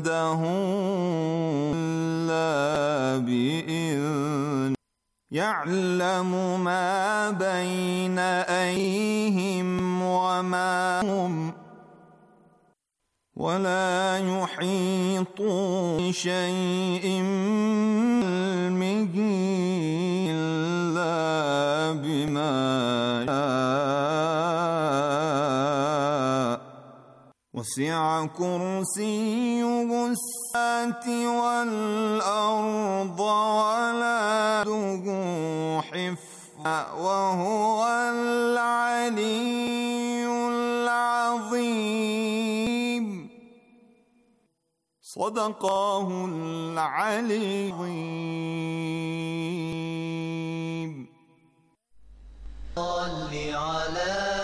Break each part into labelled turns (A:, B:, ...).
A: عنده إلا بإذن يعلم ما بين أيهم وما هم ولا يحيطون شيء علمه إلا بما وسع كرسيه السات والأرض ولا دقوا وهو العلي العظيم صدقاه العلي العظيم صل على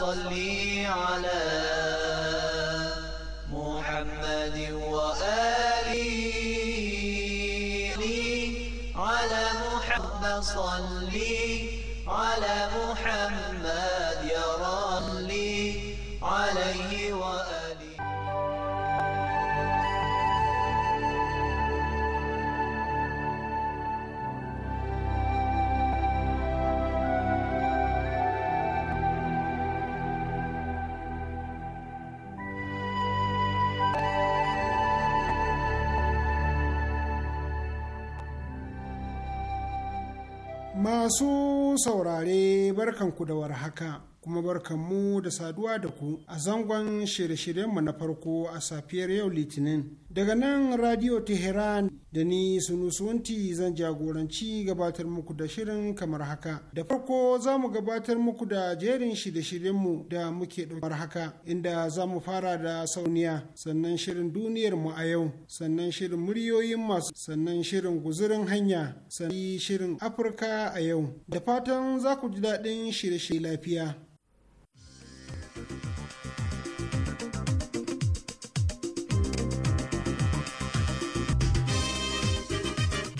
A: صلي على
B: Masu saurare barkanku da warhaka. kuma barkanmu da saduwa da ku a zangon shirye-shiryenmu na farko a safiyar yau litinin daga nan radio teheran da ni sunusunti zan jagoranci gabatar muku da shirin kamar haka da farko za mu gabatar muku da jerin shirye-shiryenmu da muke ɗaukar haka inda za mu fara da sauniya sannan shirin duniyar mu a yau sannan shirin muryoyin masu sannan shirin guzurin hanya sannan shirin afirka a yau da fatan za ku ji daɗin shirye-shirye lafiya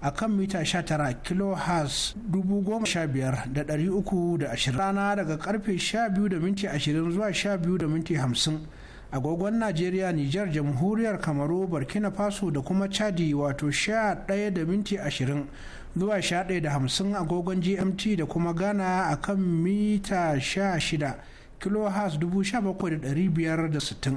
C: a kan mita 19 kilohertz 15320 rana daga karfe 12 da minti 20 zuwa 12 da minti 50 agogon najeriya nijar jamhuriyar kamaru burkina faso da kuma chadi wato 11 da minti 20 zuwa 11 da 50 agogon gmt da kuma ghana a kan mita 16 kilohertz 17,560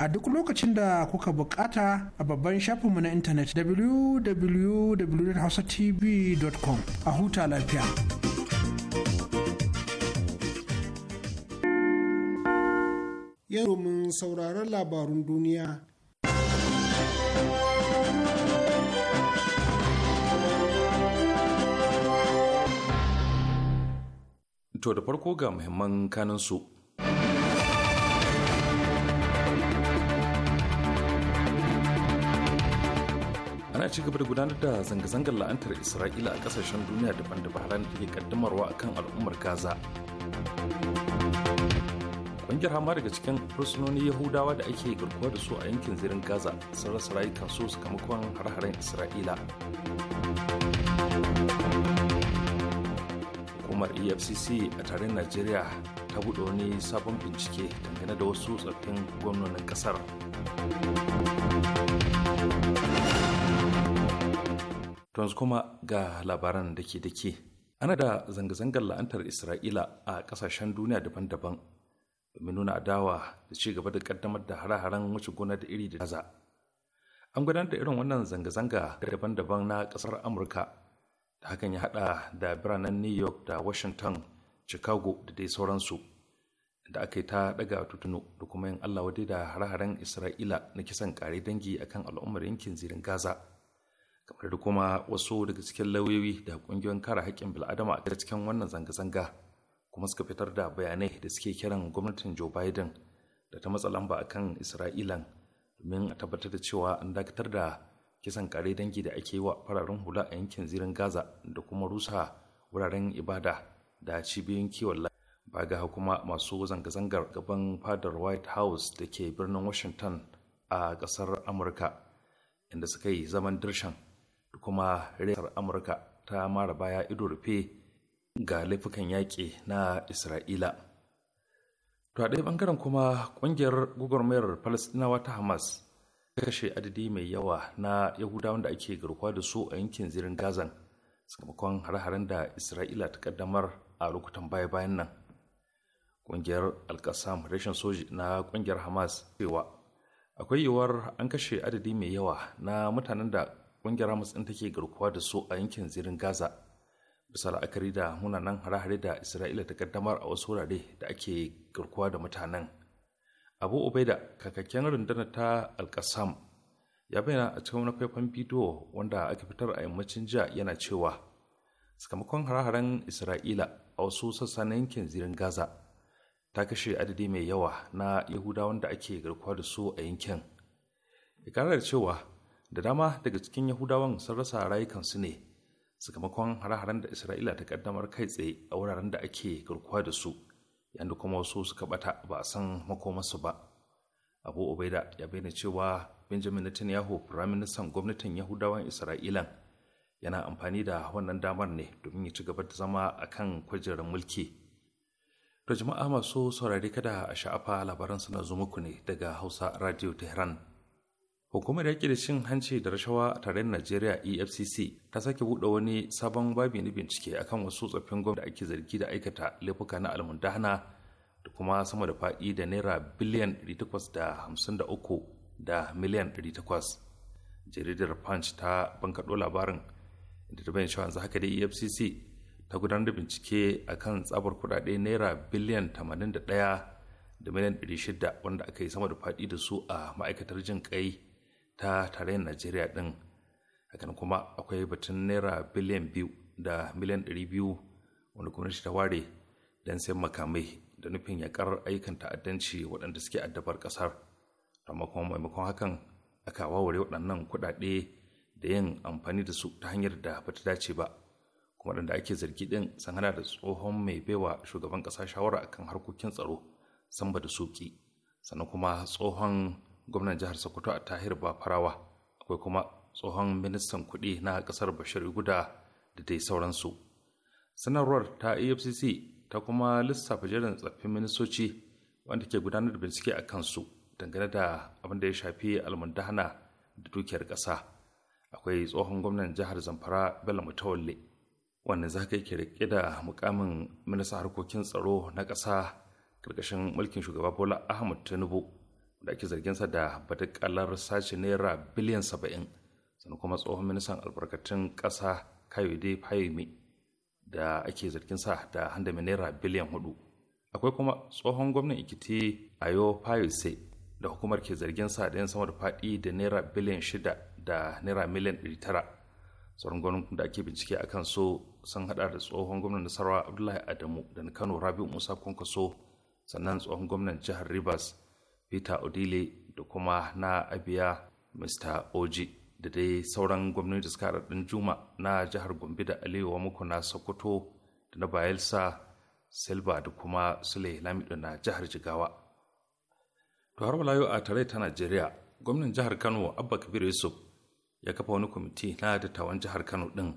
C: a duk lokacin da kuka bukata a babban shafinmu na intanet www.hausatv.com a huta lafiya.
B: Yau mun sauraron labarun duniya
D: To da farko ga muhimman kanansu. a ci gaba da gudanar da zanga-zangar la'antar isra'ila a kasashen duniya daban-daban da ke kaddamarwa a kan al'ummar gaza ƙungiyar hama daga cikin fursunoni yahudawa da ake garkuwa da su a yankin zirin gaza sun rasa rayukansu sakamakon har-haren isra'ila hukumar efcc a taron najeriya ta buɗe wani sabon bincike dangane da wasu tsoffin gwamnonin ƙasar To yanzu kuma ga labaran da ke dake. Ana da zanga-zangar la'antar Isra'ila a kasashen duniya daban-daban domin nuna adawa da ci gaba da ƙaddamar da hare-haren wuce gona da iri da gaza. An gudanar da irin wannan zanga-zanga daban-daban na kasar Amurka da hakan ya haɗa da biranen New York da Washington, Chicago da dai sauransu. Da aka yi ta ɗaga tutunu da kuma yin Allah wadai da hare-haren Isra'ila na kisan ƙare dangi akan al'ummar yankin zirin Gaza. kamar da kuma wasu daga cikin lauyoyi da kungiyoyin kare haƙƙin bil'adama a cikin wannan zanga-zanga kuma suka fitar da bayanai da suke kiran gwamnatin joe biden da ta matsa lamba a kan isra'ilan domin a tabbatar da cewa an dakatar da kisan kare dangi da ake yi wa fararen hula a yankin zirin gaza da kuma rusa wuraren ibada da cibiyoyin kiwon lafiya ba ga kuma masu zanga-zangar gaban fadar white house da ke birnin washington a ƙasar amurka inda suka yi zaman dirshan kuma rayar amurka ta mara baya ido rufe ga laifukan yaƙi na isra'ila to a ɗaya ɓangaren kuma ƙungiyar gwagwarmayar falastinawa ta hamas ta kashe adadi mai yawa na yahudawan da ake garkuwa da su a yankin zirin gazan sakamakon har haren da isra'ila ta kaddamar a lokutan baya-bayan nan ƙungiyar alkasam rashin soji na ƙungiyar hamas cewa akwai yiwuwar an kashe adadi mai yawa na mutanen da ƙungiyar hamas ɗin take garkuwa da su a yankin zirin gaza bisa la'akari da munanan hare-hare da isra'ila ta kaddamar a wasu wurare da ake garkuwa da mutanen abu ubaida kakakken rundunar ta alkasam ya bayyana a cikin wani faifan bidiyo wanda aka fitar a yammacin jiya yana cewa sakamakon hare-haren isra'ila a wasu sassa na yankin zirin gaza ta kashe adadi mai yawa na yahudawan da ake garkuwa da su a yankin da cewa da dama daga cikin yahudawan sun rasa rayukansu ne sakamakon hare-haren da isra'ila ta kaddamar kai tsaye a wuraren da ake garkuwa da su yadda kuma wasu suka bata ba a san makomarsu ba abu obaida ya bayyana cewa benjamin netanyahu firaministan gwamnatin yahudawan isra'ilan yana amfani da wannan damar ne domin ya ci gaba da zama a kan kujerar mulki to jama'a masu saurari kada a sha'afa labaran suna zo muku ne daga hausa radio tehran Hukumar yaƙi da cin hanci da rashawa a tarayyar Najeriya EFCC ta sake buɗe wani sabon babi na bincike akan wasu tsoffin gwamnati da ake zargi da aikata laifuka na almundahana da kuma sama da faɗi da naira biliyan 853 da miliyan 800. Jaridar Punch ta bankaɗo labarin da ta bayyana yanzu haka dai EFCC ta gudanar da bincike akan tsabar kuɗaɗe naira biliyan 81 da miliyan 600 wanda aka yi sama da faɗi da su a ma'aikatar jin kai ta tarayyar najeriya din hakan kuma akwai batun naira biliyan biyu da miliyan ɗari biyu wanda gwamnati ta ware don sayan makamai da nufin yakar ayyukan ta'addanci waɗanda suke addabar ƙasar amma maimakon hakan aka waware waɗannan kuɗaɗe da yin amfani da su ta hanyar da ba ta dace ba kuma waɗanda ake zargi ɗin sun hana da tsohon mai baiwa shugaban ƙasa shawara akan harkokin tsaro samba da suki sannan kuma tsohon gwamnan jihar sokoto a tahir bafarawa akwai kuma tsohon ministan kuɗi na ƙasar bashir guda da dai sauransu sanarwar ta efcc ta kuma lissafa jerin tsaffin ministoci wanda ke gudanar da bincike a kansu dangane da abin da ya shafi almundahana da dukiyar ƙasa akwai tsohon gwamnan jihar zamfara bello mutawalle wanda za ka yake rike da mukamin ministan harkokin tsaro na ƙasa ƙarƙashin mulkin shugaba bola ahmad tinubu da ake zarginsa da badakalar sace naira biliyan saba'in sannan kuma tsohon ministan albarkatun ƙasa kayode fayimi da ake zarginsa da handame naira biliyan hudu akwai kuma tsohon gwamnan ikiti ayo fayose da hukumar ke zarginsa da yin sama da faɗi da naira biliyan shida da naira miliyan ɗari tara tsoron gwamnan da ake bincike a kan so sun hada da tsohon gwamnan nasarawa abdullahi adamu da na kano rabiu musa kwankwaso sannan tsohon gwamnan jihar rivers peter odile da kuma na abiya mr oji da dai sauran gwamnati suka haɗaɗɗun juma na jihar gombe da aliyu muku na sokoto da na bayelsa silba da kuma sule lamido na jihar jigawa to har wala a tare ta najeriya gwamnan jihar kano abba kabir yusuf ya kafa wani kwamiti na dattawan jihar kano ɗin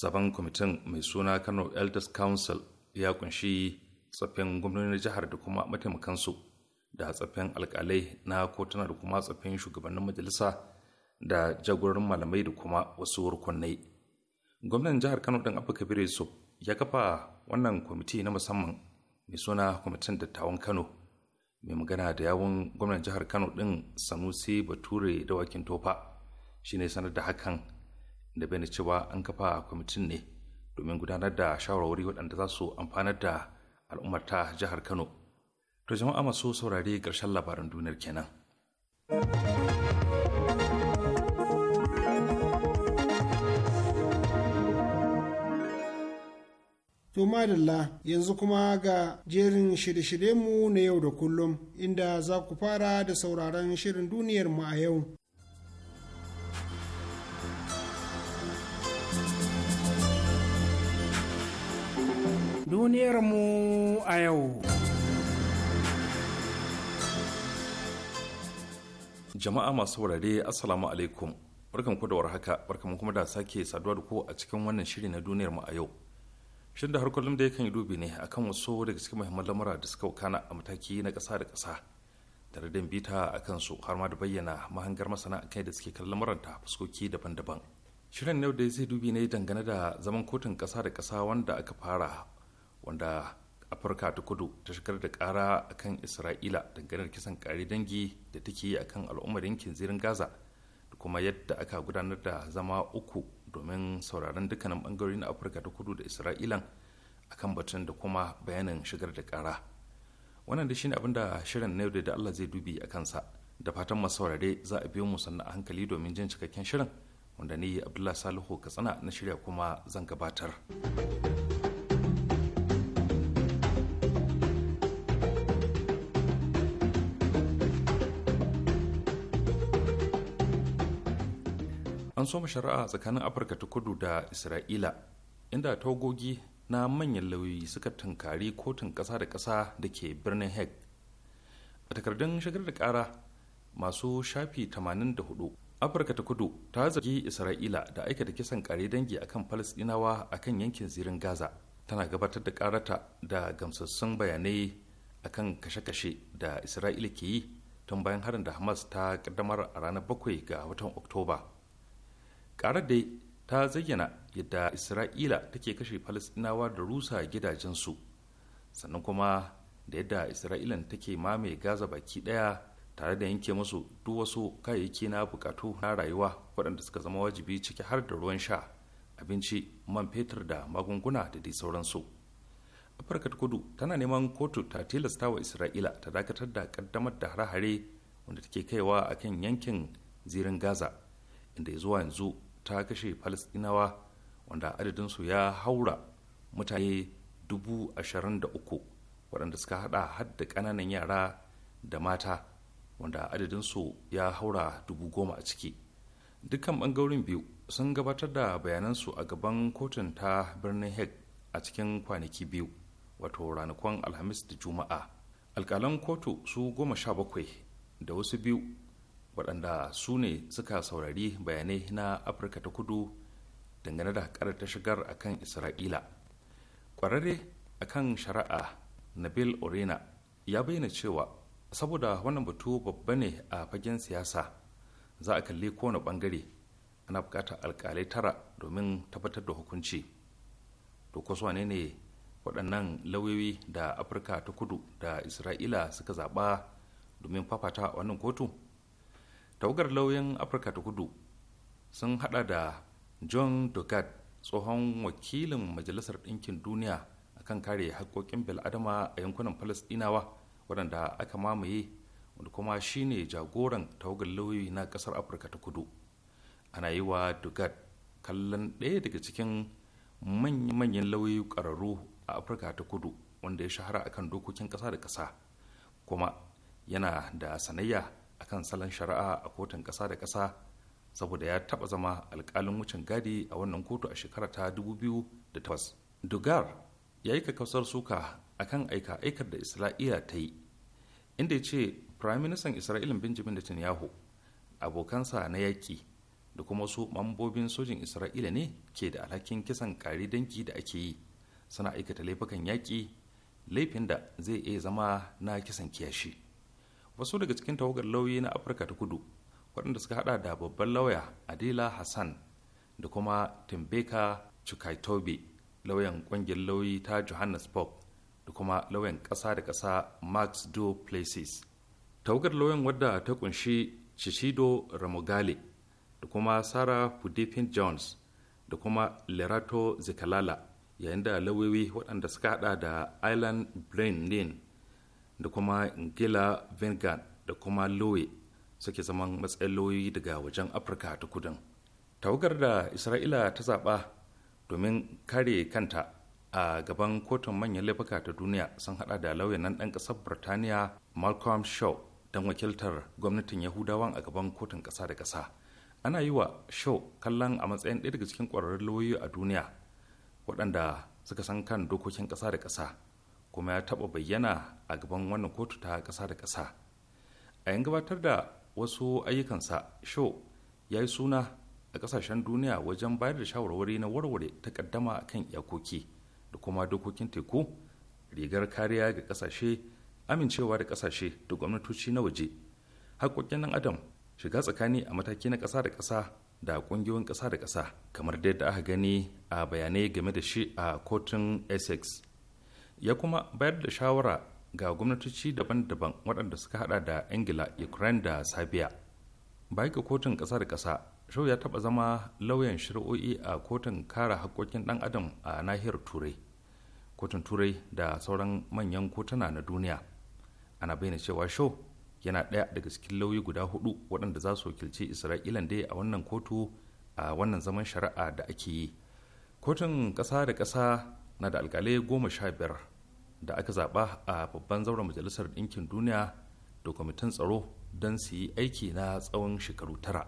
D: zaben kwamitin mai suna kano elders council ya kunshi tsaffin gwamnonin jihar da kuma mataimakansu da tsaffin alkalai na kotuna da kuma tsaffin shugabannin majalisa da jagororin malamai da kuma wasu rukunai gwamnan jihar kano ɗin Afirka kabir yusuf ya kafa wannan kwamiti na musamman mai suna kwamitin dattawan kano mai magana da yawon gwamnan jihar kano ɗin sanusi bature da wakin tofa shine sanar da hakan da bai cewa an kafa kwamitin ne domin gudanar da shawarwari waɗanda za su amfanar da al'ummar ta jihar kano To jama'a masu saurari ƙarshen labaran duniyar kenan.
B: To madalla yanzu kuma ga jerin shirye mu na yau da kullum inda za ku fara da sauraron shirin duniyar mu a yau.
C: Duniyar mu a yau.
D: jama'a masu wurare assalamu alaikum barkan ku da haka barkan kuma da sake saduwa da ku a cikin wannan shiri na duniyar mu a yau shirin da har kullum da yakan yi dubi ne akan wasu daga cikin muhimman lamura da suka wakana a mataki na ƙasa da ƙasa tare da bita a su har ma da bayyana mahangar masana kai da suke kallon lamuran ta fuskoki daban-daban shirin yau da zai dubi ne dangane da zaman kotun ƙasa da ƙasa wanda aka fara wanda afirka ta kudu ta shigar da kara akan isra'ila dangane da kisan kare dangi da take yi akan al'ummar yankin zirin gaza da kuma yadda aka gudanar da zama uku domin sauraron dukkanin bangarori na afirka ta kudu da isra'ilan kan batun da kuma bayanin shigar da kara wannan da shine abin da shirin na yau da allah zai dubi a kansa da fatan masu saurare za a biyo mu sannan a hankali domin jin cikakken shirin wanda ni abdullah salihu katsina na shirya kuma zan gabatar. an soma shari'a tsakanin afirka ta kudu da isra'ila inda togogi na manyan lauyoyi suka tunkari kotun ƙasa da ƙasa da ke birnin hague a takardun shigar da kara masu shafi 84 afirka ta kudu ta zargi isra'ila da aikata kisan kare dangi akan falasɗinawa akan yankin zirin gaza tana gabatar da karata da gamsassun bayanai akan kashe-kashe da isra'ila ke yi tun bayan harin da hamas ta kaddamar a ranar 7 ga watan oktoba ƙarar da ta zayyana yadda isra'ila take kashe falastinawa da rusa gidajensu sannan kuma da yadda isra'ilan take mame gaza baki daya tare da yanke musu duk wasu kayayyaki na bukatu na rayuwa waɗanda suka zama wajibi ciki har da ruwan sha abinci man fetur da magunguna da dai sauransu afirka ta kudu tana neman kotu ta tilasta wa isra'ila ta dakatar da kaddamar da hare-hare wanda take kaiwa a kan yankin zirin gaza inda ya zuwa yanzu ta kashe falasɗinawa wanda adadinsu ya haura mutane dubu ashirin da uku waɗanda suka hada hadda da ƙananan yara da mata wanda adadinsu ya haura dubu goma a ciki dukkan ɓangarorin biyu sun gabatar da bayanansu a gaban kotun ta birnin hague a cikin kwanaki biyu wato ranakun alhamis da juma'a alkalan kotu su goma sha bakwai da wasu biyu waɗanda su ne suka saurari bayanai na afirka ta kudu dangane da haƙar ta shigar a kan isra'ila ƙwararre a kan shari'a nabil orena ya bayyana cewa saboda wannan batu babba ne a fagen siyasa za a kalli kowane ɓangare ana buƙatar alƙalai tara domin tabbatar da hukunci to kusa ne ne waɗannan lauyoyi da afirka ta kudu da isra'ila suka zaɓa domin fafata wannan kotu tawagar lauyan afirka ta kudu sun hada da john dugard tsohon wakilin majalisar ɗinkin duniya akan kare haƙoƙin bil'adama a yankunan falasɗinawa waɗanda aka mamaye wanda kuma shine jagoran tawagar lauyi na ƙasar afirka ta kudu ana yi wa dugard kallon ɗaya daga cikin manyan lauyi ƙwararru a afirka ta kudu wanda ya shahara akan dokokin ƙasa da ƙasa kuma yana da sanayya akan salon shari'a a kotun ƙasa da ƙasa saboda ya taɓa zama alƙalin wucin gadi a wannan kotu a shekara ta 2008 dugar ya yi kakkausar suka akan aika aikar da isra'ila ta yi inda ya ce firaministan isra'ilin benjamin netanyahu abokansa na yaƙi da kuma su mambobin sojin isra'ila ne ke da alhakin kisan kare danki da ake yi suna aikata laifukan yaƙi laifin da zai iya zama na kisan kiyashi wasu daga cikin tawagar lauyi na afirka ta kudu waɗanda suka hada da babban lauya adila hassan da kuma timbeka chukaitobe lauyan ƙungiyar lauyi ta johannesburg da kuma lauyan ƙasa da ƙasa max do places tawagar lauyan wadda ta kunshi chishido ramogale da kuma sarah pudipin jones da kuma lerato zikalala yayin da lauyoyi waɗanda suka hada da island brain da kuma ingila vingard da kuma lowe suke zaman matsayin lauyoyi daga wajen afirka ta kudin tawagar da isra'ila ta zaɓa domin kare kanta a gaban kotun manyan laifuka ta duniya sun hada da lauyan nan ɗan ƙasar birtaniya malcolm shaw don wakiltar gwamnatin yahudawan a gaban kotun ƙasa da ƙasa ana yi wa shaw kallon a matsayin ɗaya daga cikin ƙwararrun lauyoyi a duniya waɗanda suka san kan dokokin ƙasa da ƙasa kuma ya taɓa bayyana a gaban wannan kotu ta ƙasa da ƙasa a yan gabatar da wasu ayyukansa show ya yi suna a ƙasashen duniya wajen bayar da shawarwari na warware takaddama kan iyakoki da kuma dokokin teku rigar kariya ga ƙasashe amincewa da ƙasashe da gwamnatoci na waje haƙoƙin nan adam shiga tsakani a mataki na ƙasa da ƙasa da ƙungiyoyin ƙasa da ƙasa kamar dai da aka gani a bayanai game da shi a kotun essex ya kuma bayar da shawara ga gwamnatoci daban-daban waɗanda suka hada da ingila ukraine da sabiya baya ga kotun ƙasa da ƙasa shau ya taɓa zama lauyan shari'o'i a kotun kare haƙƙoƙin ɗan adam a nahiyar turai kotun turai da sauran manyan kotuna na duniya ana bayyana cewa shau yana ɗaya daga cikin lauyi guda hudu waɗanda za su wakilci isra'ilan dai a wannan kotu a wannan zaman shari'a da ake yi kotun ƙasa da ƙasa na da alƙalai goma sha biyar da aka zaɓa a babban zauren majalisar ɗinkin duniya da kwamitin tsaro don su yi aiki na tsawon shekaru tara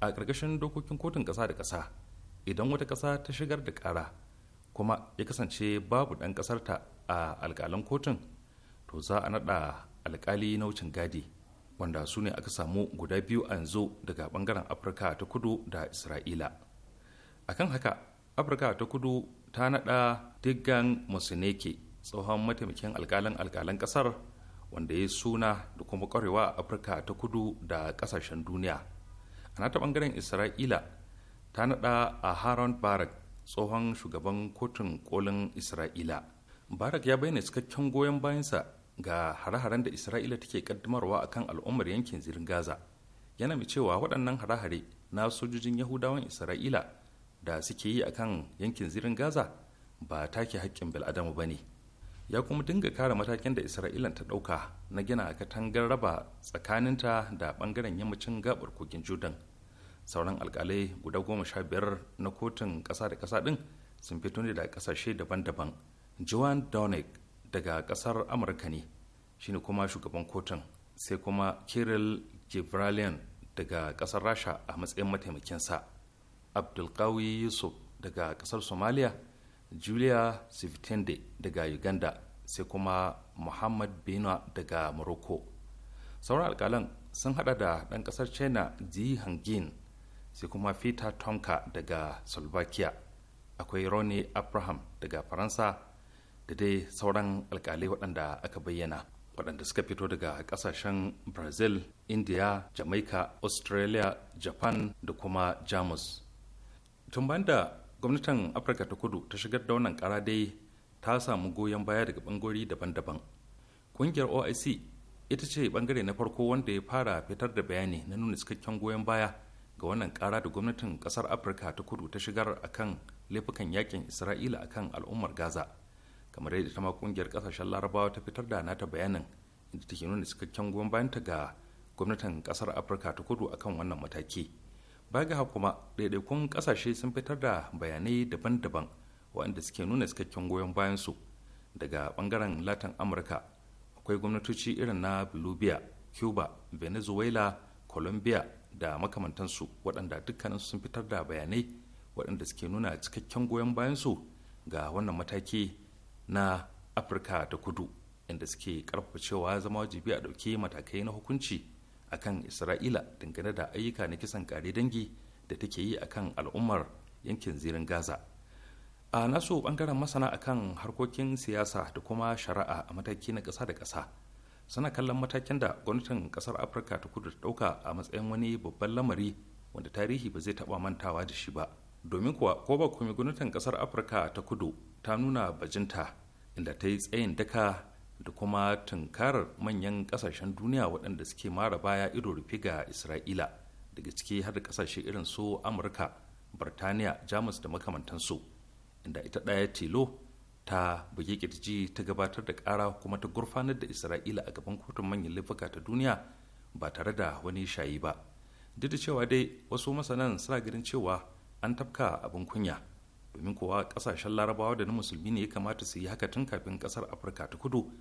D: a ƙarƙashin dokokin kotun ƙasa da ƙasa idan wata ƙasa ta shigar da ƙara kuma ya kasance babu ɗan ƙasarta a alƙalan kotun to za a naɗa alƙali na wucin gadi wanda su ne aka samu guda biyu a yanzu daga ɓangaren afirka ta kudu da isra'ila akan haka afirka ta kudu ta naɗa diggan musineke tsohon mataimakin alkalin alkalan kasar wanda ya suna da kuma kwarewa a afirka ta kudu da kasashen duniya a nata bangaren isra'ila ta nada a haron barak tsohon shugaban kotun kolin isra'ila barak ya bayyana cikakken goyon bayansa ga hare-haren da isra'ila take kaddamarwa akan al'ummar yankin zirin gaza yana mai cewa waɗannan hare-hare na sojojin yahudawan isra'ila da suke yi akan yankin zirin gaza ba take haƙƙin bil'adama ba ne ya kuma dinga kare matakin da isra'ilan ta ɗauka na gina katangar raba tsakaninta da bangaren yammacin gabar kogin jordan sauran alkalai guda goma sha biyar na kotun ƙasa da ƙasa ɗin sun fito ne daga ƙasashe daban-daban joan donick daga ƙasar amurka ne shine kuma shugaban kotun sai kuma kirill gibralian daga ƙasar rasha a matsayin mataimakinsa abdulkawi yusuf daga ƙasar somalia julia sivitende daga uganda sai kuma muhammad bena daga morocco sauran alkalan sun hada da ɗan ƙasar china ji hangin sai kuma peter tonka daga slovakia akwai ronnie abraham daga faransa da dai sauran alkalai waɗanda aka bayyana waɗanda suka fito daga ƙasashen brazil india jamaica australia japan da kuma jamus tun banda gwamnatin afirka ta kudu ta shigar da wannan kara dai ta samu goyon baya daga bangori daban-daban kungiyar oic ita ce bangare na farko wanda ya fara fitar da bayani na nuna cikakken goyon baya ga wannan kara da gwamnatin kasar afirka ta kudu ta shigar akan laifukan yakin isra'ila akan al'ummar gaza kamar yadda ta ma kungiyar kasashen larabawa ta fitar da nata bayanin inda take nuna cikakken goyon bayanta ga gwamnatin kasar afirka ta kudu akan wannan mataki baga ga kuma ɗaiɗaikun ƙasashe sun fitar da bayanai daban-daban waɗanda suke nuna cikakken goyon bayansu daga ɓangaren latin amurka akwai gwamnatoci irin na bolivia cuba venezuela colombia da makamantansu waɗanda dukkanin sun fitar da bayanai waɗanda suke nuna cikakken goyon bayansu ga wannan mataki na afirka da kudu inda suke ƙarfafa cewa zama wajibi a ɗauki matakai na hukunci akan isra'ila dangane da ayyuka na kisan kare dangi da take yi akan al'ummar yankin zirin gaza a nasu bangaren masana akan harkokin siyasa da kuma shari'a a mataki na ƙasa da ƙasa suna kallon matakin da gwamnatin ƙasar afirka ta kudu ta ɗauka a matsayin wani babban lamari wanda tarihi ba zai taɓa mantawa da shi ba domin kuwa ko ba kuma gwamnatin ƙasar afirka ta kudu ta nuna bajinta inda ta yi tsayin daka da kuma tunkarar manyan kasashen duniya waɗanda suke mara baya ido rufe ga isra'ila daga ciki har da kasashe irin su amurka birtaniya jamus da makamantansu inda ita ɗaya tilo ta buge kirji ta gabatar da ƙara kuma ta gurfanar da isra'ila a gaban kotun manyan laifuka ta duniya ba tare da wani shayi ba duk da cewa dai wasu masanan suna ganin cewa an tafka abin kunya domin kowa kasashen larabawa da na musulmi ne ya kamata su yi haka tun kafin kasar afirka ta kudu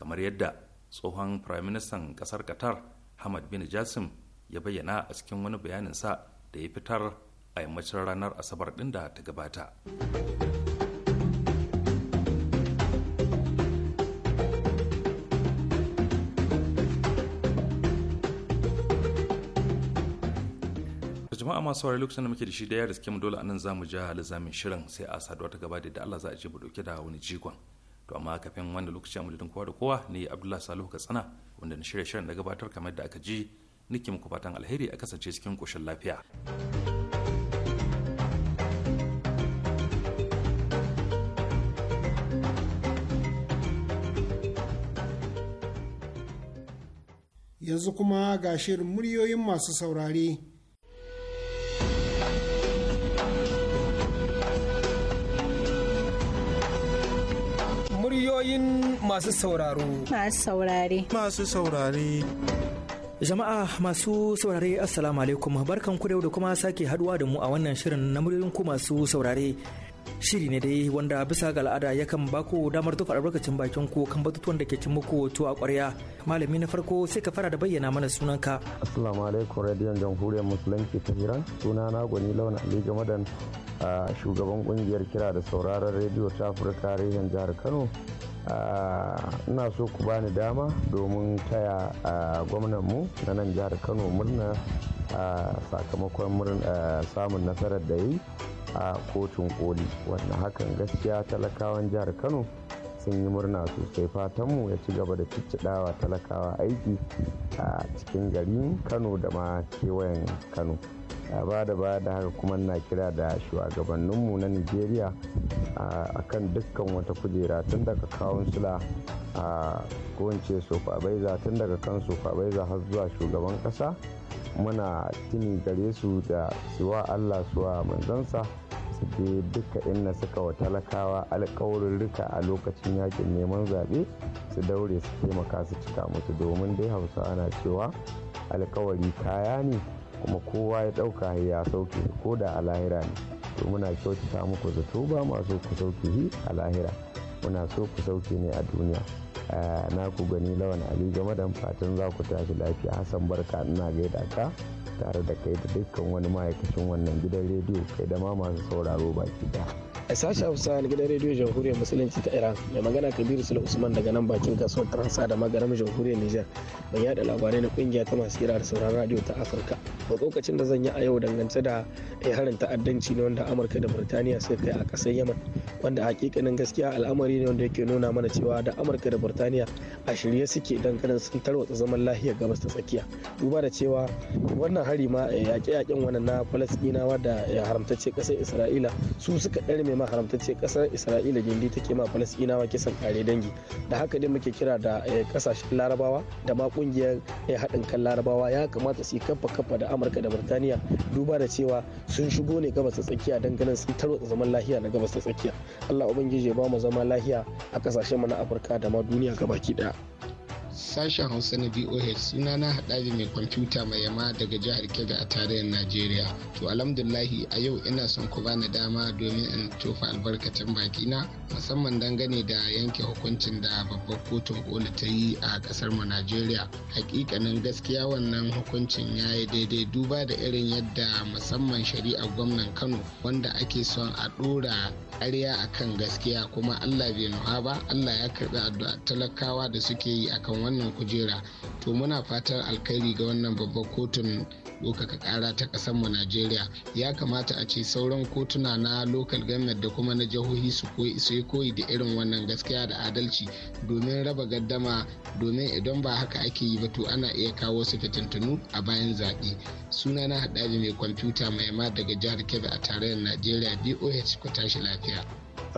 D: kamar yadda tsohon firaministan kasar qatar hamad bin jasim ya bayyana a cikin wani bayanin sa da ya fitar a yammacin ranar asabar ɗin da ta gabata jama'a masu saurari lokacin da muke da shi da ya da suke mu dole anan mu ja lizamin shirin sai a saduwa ta gaba da Allah za a ce mu doke da wani jigon to amma kafin wanda lokaci a madadin kowa da kowa ne abdullahi salihu katsina wanda na shirya shirin da gabatar kamar da aka ji niki muku fatan alheri a kasance cikin koshin lafiya.
B: yanzu kuma ga shirin muryoyin masu saurare.
E: muryoyin masu sauraro.
A: Masu saurare.
F: Masu saurare. Jama'a masu saurare Assalamu alaikum barkan ku da kuma sake haduwa da mu a wannan shirin na muryoyin ku masu saurare. shiri ne dai wanda bisa ga al'ada yakan bako damar tufa albarkacin bakin ku kan batutuwan da ke cin muku tuwa a ƙwarya malami na farko sai ka fara da bayyana mana sunanka
G: assalamu alaikum radiyon jamhuriyar musulunci ta hiran suna na gwani launa ali gamadan shugaban kungiyar kira da sauraron rediyo ta afirka rehin jihar kano ina so ku bani dama domin taya gwamnan mu na nan jihar kano murna sakamakon samun nasarar da yi a kotun koli wannan hakan gaskiya talakawan jihar kano sun yi murna sosai fatanmu ya ci gaba da ciccidawa talakawa aiki a cikin garin kano da ma kewayen kano ba da ba da haka kuma na kira da shugabanninmu na nigeria a kan dukkan wata kujera tun daga kawun sula a kowance sofabaiza tun daga kan sofabaiza har zuwa shugaban kasa muna tuni gare su da suwa allah suwa manzansa su je duka inna suka wa talakawa alkawarurruka a lokacin yakin neman zaɓe su daure su taimaka su cika musu domin dai hausa ana cewa alkawari kaya ne kuma kowa ya ɗauka ya sauke ko da a lahira ne to muna ta muku zato ba ma so ku sauke hi a lahira muna so ku sauke ne a duniya eh, na ku gani lawan ali game da fatan za ku tashi lafiya hassan barka ina gaida ka tare da kai da dukkan wani ma'aikacin wannan gidan rediyo kai da ma masu sauraro baki daya
H: a sashi hausa na gidan rediyo jamhuriyar musulunci ta iran mai magana kabiru sula usman daga nan bakin kasuwar transa da magaram jamhuriyar niger mai yada labarai na kungiya ta masu da sauran radio ta afirka ba kokacin da zan yi a yau dangance da eh, harin ta'addanci ne wanda amurka da burtaniya suka kai a kasar yaman wanda hakikanin gaskiya al'amari ne wanda yake nuna mana cewa da amurka da burtaniya a shirye suke don ganin sun tarwatsa zaman lahiyar gabas ta tsakiya duba da cewa wannan hari ma eh, yaƙe-yaƙen wannan na falasɗinawa da eh, haramtacce ƙasar isra'ila su suka ɗarme ma ce kasar isra'ila gindi take ma falasɗinawa kisan kare dangi da haka dai muke kira da kasashen eh, larabawa da ma kungiyar eh, haɗin kan larabawa ya kamata su yi kafa kafa da amurka da birtaniya duba da cewa sun shigo ne gabas ta tsakiya don ganin sun tarwatsa zaman lahiya na gabas ta tsakiya allah ubangiji ya ba mu zama lahiya a kasashen mu na afirka da ma duniya gabaki ɗaya. sashen hausa na boh suna na da mai kwamfuta mai yama daga jihar kebbi a tarayyar najeriya to alhamdulahi a yau ina son ku bani dama domin in tofa albarkacin bakina musamman dangane da yanke hukuncin da babbar kotun koli ta yi a kasar mu najeriya hakikanin gaskiya wannan hukuncin ya yi daidai duba da irin yadda musamman shari'a gwamnan kano wanda ake son a ɗora ƙarya akan gaskiya kuma allah bai nuha ba allah ya karɓi addu'a talakawa da suke yi akan wannan kujera to muna fatan alkhairi ga wannan babban kotun ɗaukaka ƙara ta mu najeriya ya kamata a ce sauran kotuna na local government da kuma na jihohi su yi koyi da irin wannan gaskiya da adalci domin raba gaddama domin idan ba haka ake yi ba to ana iya kawo su fitintunu a bayan zaɓe suna na haɗari mai kwamfuta mai ma daga jihar kebbi a tarayyar najeriya boh ku tashi lafiya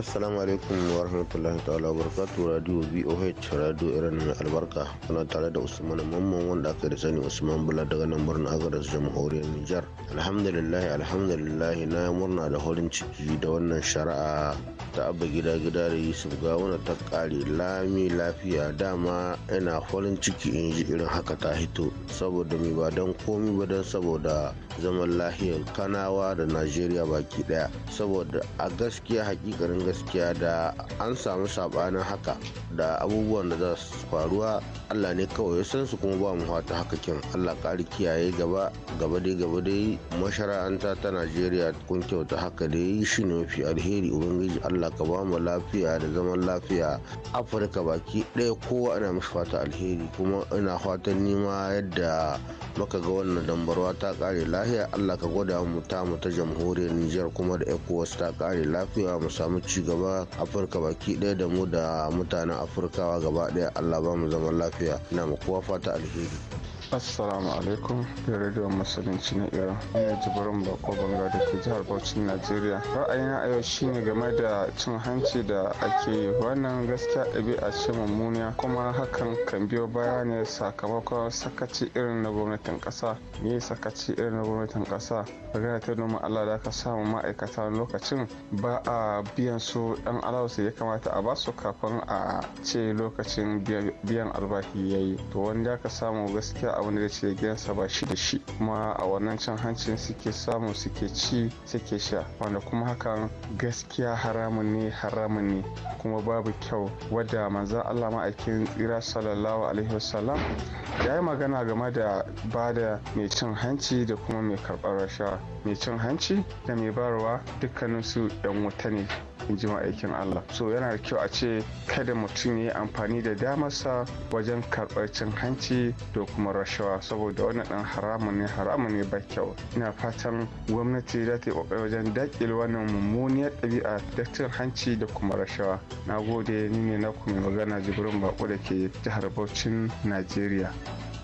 I: assalamu alaikum wa rahmatullahi ta'ala wa barakatuhu radio voh radio irin albarka kuna tare da usman mamman wanda aka da sani usman bula daga nan birnin agadas jamhuriyar nijar alhamdulillah alhamdulillah na murna da horin ciki da wannan shari'a ta abba gida gida da yusuf ga gawuna ta kare lami lafiya dama ina horin ciki in ji irin haka ta hito saboda mai ba don komi ba don saboda zaman lahiyar kanawa da najeriya baki daya saboda a gaskiya hakikarin gaskiya da an samu sabanin haka da abubuwan da za su faruwa allah ne kawai ya san su kuma ba mu fata haka kin allah ƙari kiyaye gaba gaba dai gaba dai mashara'anta ta najeriya kun kyauta haka dai shi ne mafi alheri ubangiji allah ka ba mu lafiya da zaman lafiya afirka baki ɗaya kowa ana mafi fata alheri kuma ina fatan nima yadda muka ga wannan dambarwa ta kare lahiya allah ka gwada mu ta mu ta jamhuriyar nijar kuma da ecowas ta kare lafiya mu samu ci gaba afirka baki ɗaya da mu da mutanen afirkawa gaba ɗaya allah ba mu zaman lafiya ina mu kowa fata alheri
J: assalamu alaikum da radio musulunci na iran ina jibirin bako banga da ke jihar bauchi najeriya ra'ayina a yau shine game da cin hanci da ake yi wannan gaskiya a ce mummuniya kuma hakan kan biyo baya ne sakamakon sakaci irin na gwamnatin ƙasa ne sakaci irin na gwamnatin ƙasa magana ta noma allah da ka samu ma'aikata lokacin ba a biyan su dan alawusu ya kamata a basu kafin a ce lokacin biyan albashi ya yi to wanda ka samu gaskiya abin da ce gidansa ba shi da shi kuma a wannan cin hancin suke samu suke ci suke sha wanda kuma hakan gaskiya haramun ne haramun ne kuma babu kyau wadda manza Allah ma'aikin tsira sallallahu alaihi wasallam ya yi magana game da ba da mai cin hanci da kuma mai karɓar rasha mai cin hanci da mai barwa dukkaninsu 'yan wuta ne in ji ma'aikin Allah. So yana da kyau a ce kada mutum ya yi amfani da damarsa wajen karɓar cin hanci da kuma rashawa saboda wannan dan haramun ne haramun ne ba kyau ina fatan gwamnati za ta yi kokari wajen dakile wannan mummuniyar ɗabi'a da cin hanci da kuma rashawa na gode ni ne na kuma magana jibrin bako da ke jihar Bauchin Najeriya.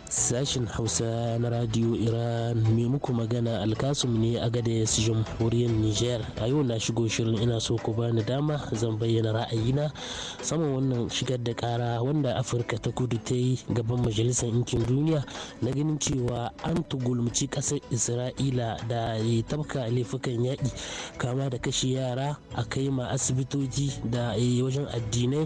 F: sashen hausa na radio iran mai muku magana alkasum ne a ya gada su jamhuriyar niger a yau na shigo shirin ina so ku bani dama zan bayyana ra'ayina saman wannan shigar da kara wanda afirka ta kudu ta yi gaban majalisar inkin duniya na ganin cewa an tugulmuci kasar isra'ila da ya tabka laifukan yaƙi kama da kashe yara a kai ma asibitoci da wajen addinai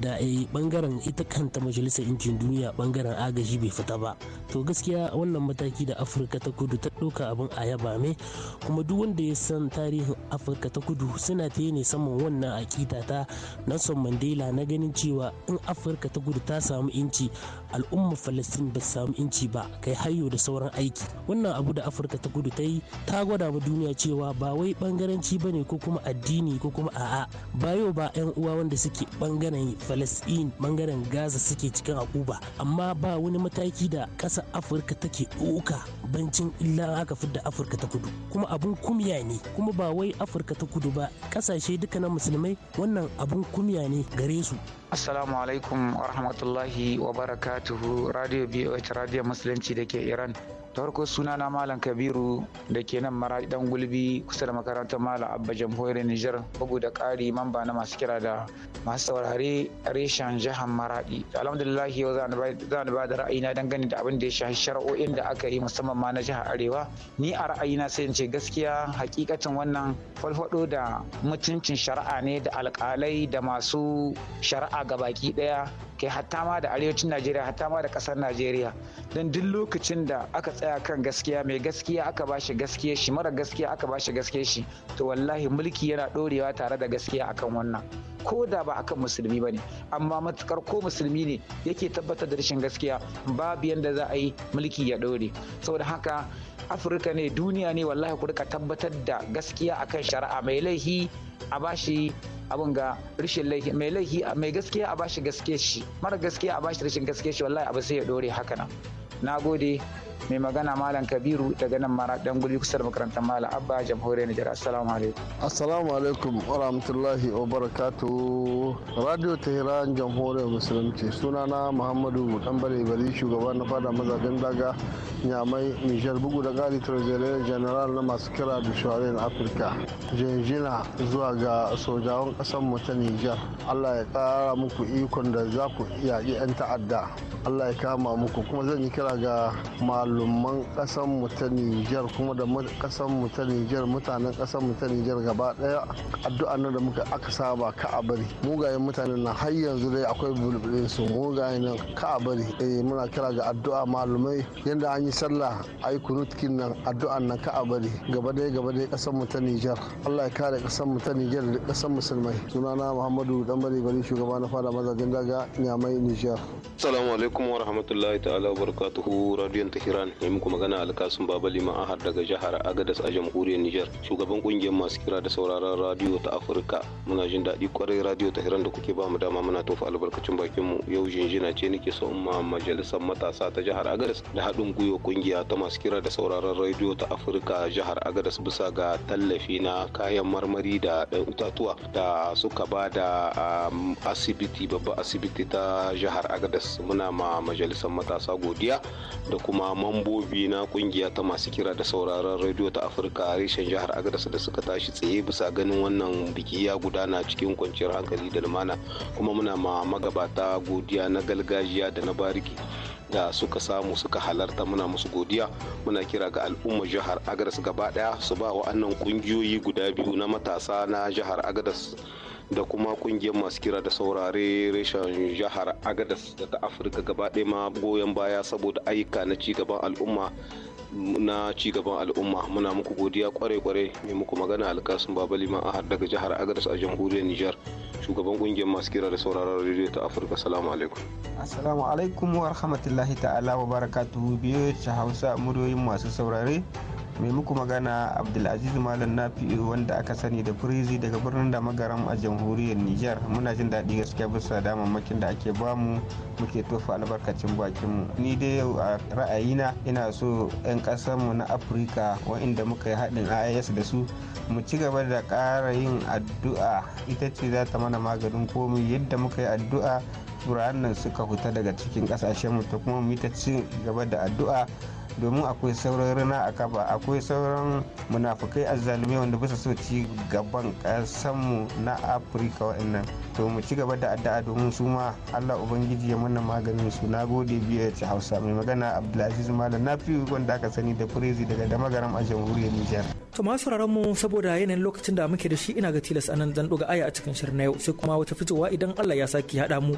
F: da bangaren ita kanta majalisar inkin duniya bangaren agaji bai fita ba to gaskiya wannan mataki da afirka ta kudu ta ɗauka abin a yaba mai kuma duk wanda ya san tarihin afirka ta kudu suna ta ne saman wannan akita ta nelson mandela na ganin cewa in afirka ta kudu ta samu inci al'ummar falastin ba samu inci ba kai hayo da sauran aiki wannan abu da afirka ta kudu ta yi ta gwada ma duniya cewa ba wai bangaranci ba ne ko kuma addini ko kuma a'a ba yau ba yan uwa wanda suke bangaren falastin bangaren gaza suke cikin akuba amma ba wani mataki da ƙasa afirka take ɗauka bancin illa aka fi da afirka ta kudu kuma abun kumya ne kuma ba wai afirka ta kudu ba ƙasashe duka na musulmai wannan abun kumya ne
E: gare su Assalamu alaikum wa rahmatullahi wa barakatuhu Radio BOH Radio Musulunci da ke Iran ta farko suna na malam kabiru da ke nan mara dan gulbi kusa da makarantar malam abba jamhuriyar nijar bugu da ƙari mamba na masu kira da masu saurare reshen jihar maraɗi alhamdulillah yau za ni ba da ra'ayina dangane da abin da ya shafi shara'o'in da aka yi musamman ma na jihar arewa ni a ra'ayina sai in ce gaskiya hakikacin wannan falfado da mutuncin shari'a ne da alƙalai da masu shari'a baki ɗaya kai hatta ma da arewacin najeriya hatta ma da kasar najeriya don duk lokacin da aka tsaya kan gaskiya mai gaskiya aka bashi shi gaskiya shi mara gaskiya aka bashi shi gaskiya shi to wallahi mulki yana dorewa tare da gaskiya akan wannan ko da ba akan musulmi ba ne amma matukar ko musulmi ne yake tabbatar da rashin gaskiya babu yadda za a yi mulki ya ɗore saboda haka afirka ne duniya ne wallahi ku rika tabbatar da gaskiya akan shari'a mai laihi a bashi abin ga rashin laihi mai laihi mai gaskiya a bashi gaskiya shi mara gaskiya a bashi rashin gaskiya shi wallahi abu sai ya dore haka nan na gode mai magana malam kabiru daga nan mara dan guri kusa da makarantar malam abba jamhuriyar nijar assalamu alaikum
K: assalamu alaikum wa rahmatullahi
E: wa barakatuh
K: radio tehran jamhuriyar musulunci sunana muhammadu dambare bari shugaban na fada mazajen daga nyamai nijar bugu da gari trezorer general na masu kira da shawarar afirka jinjina zuwa ga sojawan kasar mu ta nijar allah ya kara muku ikon da za ku yaƙi 'yan ta'adda allah ya kama muku kuma zan yi kira kira ga malumman kasan mu ta Nijar kuma da kasan mu ta Nijar mutanen kasan mu ta Nijar gaba daya addu'a nan da muka aka saba ka a bari mugayen mutanen nan har yanzu dai akwai bulbulin su mugayen nan ka a bari eh muna kira ga addu'a malumai yanda an yi sallah ai kunutkin nan addu'an nan ka a bari gaba daya gaba daya kasan mu ta Nijar Allah ya kare kasan mu ta Nijar da kasan musulmai sunana Muhammadu Dambari Bari shugaba na fada mazajin daga Nyamai Nijar
L: assalamu alaikum wa rahmatullahi ta'ala wa barakatuh Tuhu Radiyon Tahiran ne muku magana alkasun Baba Liman Ahar daga jihar Agadas a jamhuriyar Nijar. Shugaban kungiyar masu kira da sauraron radio ta Afirka. Muna jin daɗi kwarai radiyo Tahiran da kuke ba mu dama muna tofa albarkacin bakin mu. Yau jinjina ce nake so ma majalisar matasa ta jihar Agadas da haɗin gwiwa kungiya ta masu kira da sauraron radiyo ta Afirka jihar Agadas bisa ga tallafi na kayan marmari da ɗan itatuwa da suka ba da um, asibiti babban asibiti ta jihar Agadas muna ma majalisar matasa godiya da kuma mambobi na kungiya ta masu kira da sauraron rediyo ta afirka a reshen jihar agadas da suka tashi tsaye bisa ganin wannan biki ya gudana cikin kwanciyar hankali da lumana kuma muna ma magabata godiya na galgajiya da na bariki da suka samu suka halarta muna musu godiya muna kira ga al'umma jihar agadas gaba daya su ba wa'annan kungiyoyi guda biyu na matasa na jihar agadas da kuma kungiyar masu kira da saurare reshen jihar agadas da ta afirka gaba ɗaya ma goyon baya saboda ayyuka na cigaban al'umma na cigaban al'umma muna muku godiya kware-kware mai muku magana alkasun baba liman ahar daga jihar agadas a jamhuriyar nijar shugaban kungiyar masu kira da sauraron rediyo ta afirka salamu alaikum
J: assalamu alaikum wa rahmatullahi ta'ala wa barakatuhu biyu hausa muryoyin masu saurare mai muku magana abdulaziz malam nafi wanda aka sani da firizi daga birnin da magaram a jamhuriyar niger muna jin daɗi gaskiya bisa damammakin da ake bamu muke tofa albarkacin bakinmu ni dai yau a ra'ayina ina so 'yan kasanmu na afirka wa'inda muka yi haɗin ias da su mu ci gaba da ƙara yin addu'a ita ce za ta mana maganin komai yadda muka yi addu'a turanin suka fita daga cikin mu ta kuma mu ta ci gaba da addu'a domin akwai sauran rana a kafa akwai sauran munafukai azzalumai wanda bisa so ci gaban mu na afirka wa'annan to mu ci gaba da addu'a domin su ma allah ubangiji ya mana maganin su na gode biya ci hausa mai magana abdulaziz malam na fi wanda aka sani da firezi daga damagaram a jamhuriyar nijar
F: to masu mu saboda yanayin lokacin da muke da shi ina ga tilas anan zan doga aya a cikin shirin na yau sai kuma wata fitowa idan allah ya saki hada mu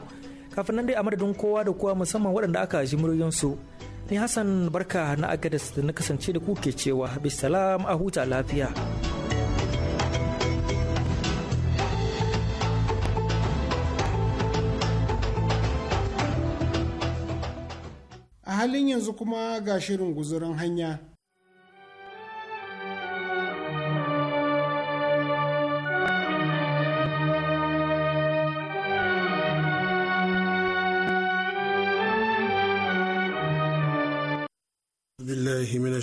F: kafin nan dai a madadin kowa da kowa musamman waɗanda aka ji su Ni Hassan barka na agadas da na kasance da kuke cewa bisalam a huta lafiya.
B: A halin yanzu kuma ga shirin guzurin hanya.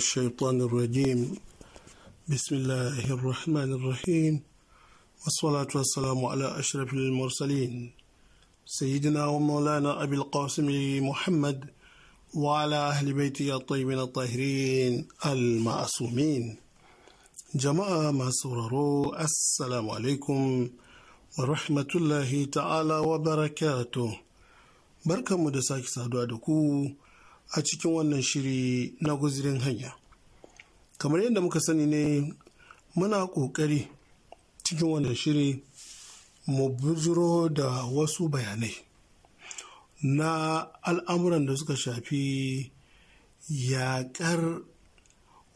M: الشيطان الرجيم بسم الله الرحمن الرحيم والصلاة والسلام على أشرف المرسلين سيدنا ومولانا أبي القاسم محمد وعلى أهل بيته الطيبين الطاهرين المعصومين جماعة ما سرروا السلام عليكم ورحمة الله تعالى وبركاته بركة مدساك سادوا دكو a cikin wannan shiri na guzirin hanya kamar yadda muka sani ne muna ƙoƙari cikin wannan shiri mu bujiro da wasu bayanai na al'amuran da suka shafi yaƙar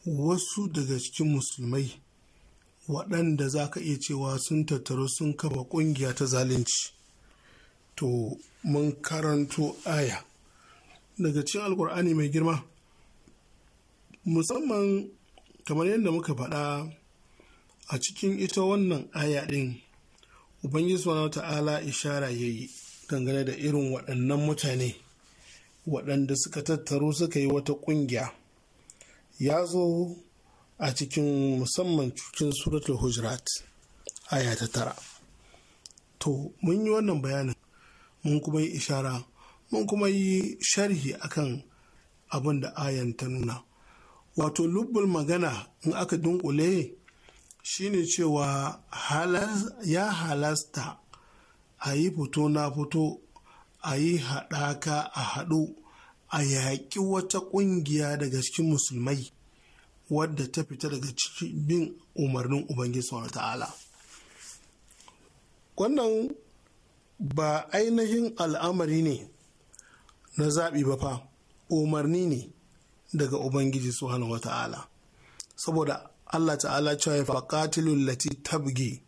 M: wasu daga cikin musulmai waɗanda za ka iya cewa sun tattaru sun kafa ƙungiya ta zalunci to mun karanto aya daga cikin alkur'ani mai girma musamman kamar yadda muka faɗa a cikin ita wannan aya ɗin ubangiji ta'ala ishara ya yi dangane da irin waɗannan mutane waɗanda suka tattaro suka yi wata ƙungiya ya zo a cikin musamman cikin suratul hujrat aya ta tara to mun yi wannan bayanin mun kuma yi ishara mun kuma yi sharhi akan abin da ayan ta nuna wato lubbul magana in aka dunkule shine cewa ya halasta a yi fito na fito a yi haɗaka a haɗu a yaƙi wata ƙungiya daga cikin musulmai wadda ta fita daga cikin bin umarnin ubangiji wa ta'ala wannan ba ainihin al'amari ne na zaɓi ba fa umarni ne daga ubangiji subhanahu wa ta'ala saboda allah ta'ala cewa ya faƙatilun lati tabgi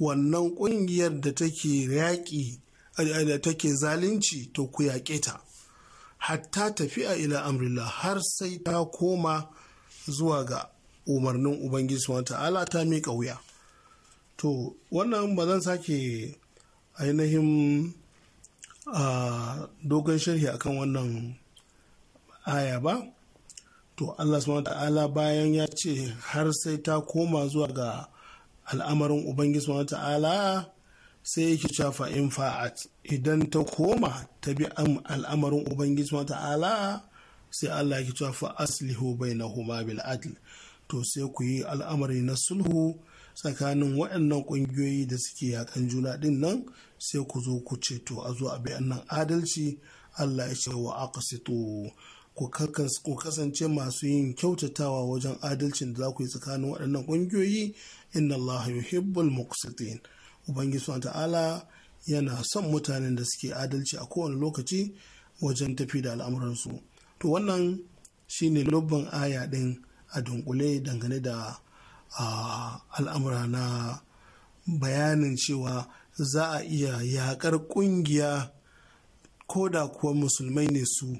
M: wannan ƙungiyar da take yaƙi eh, da take zalunci to ku yaƙe ta hatta tafiya ila amrillah har sai ta koma zuwa ga umarnin ubangiji subhanahu wa ta'ala ta miƙa wuya to wannan ba zan sake ainihin a dogon sharhi akan wannan aya ba to allah subhanahu ta'ala bayan ya ce har sai ta koma zuwa ga al'amarin ubangiji subhanahu ta'ala sai yake cewa in fa'at idan ta koma ta bi al'amarin ubangiji subhanahu ta'ala sai allah yake cewa fa aslihu bainahuma bil adl to sai ku yi al'amari na sulhu tsakanin waɗannan ƙungiyoyi da suke yakan juna ɗin nan sai ku zo ku ce to a zo a bi nan adalci Allah ya ce wa aqsitu ku kasance masu yin kyautatawa wajen adalcin da za ku yi tsakanin waɗannan ƙungiyoyi inna Allah yuhibbul muqsitin ubangiji ta'ala yana son mutanen da suke adalci a kowane lokaci wajen tafi da al'amuransu to wannan shine lubban aya ɗin a dunkule dangane da al'amura na bayanin cewa za a iya yakar kungiya ko da kuwa musulmai ne su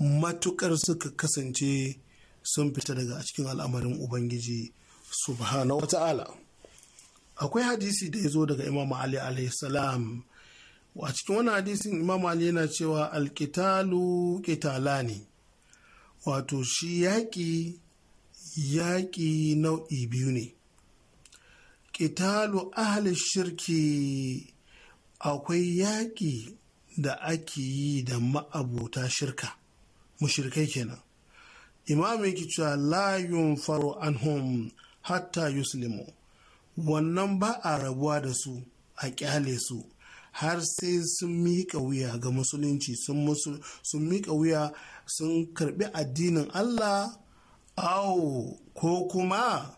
M: matukar suka kasance sun fita daga cikin al'amarin ubangiji subhanahu wa ta'ala akwai hadisi da ya zo daga imam ali salam a cikin wani hadisin imam ali yana cewa alkitalu ne wato shi yaƙi yaƙi nau'i biyu ne ƙitalu ahli shirki akwai yaƙi da ake yi da ma'abuta shirka mushirkai kenan imam yake cewa la yunfaru anhum hatta yuslimu wannan ba a rabuwa da su a ƙyale su har sai sun miƙa wuya ga musulunci sun miƙa wuya sun karɓi addinin allah aw ko kuma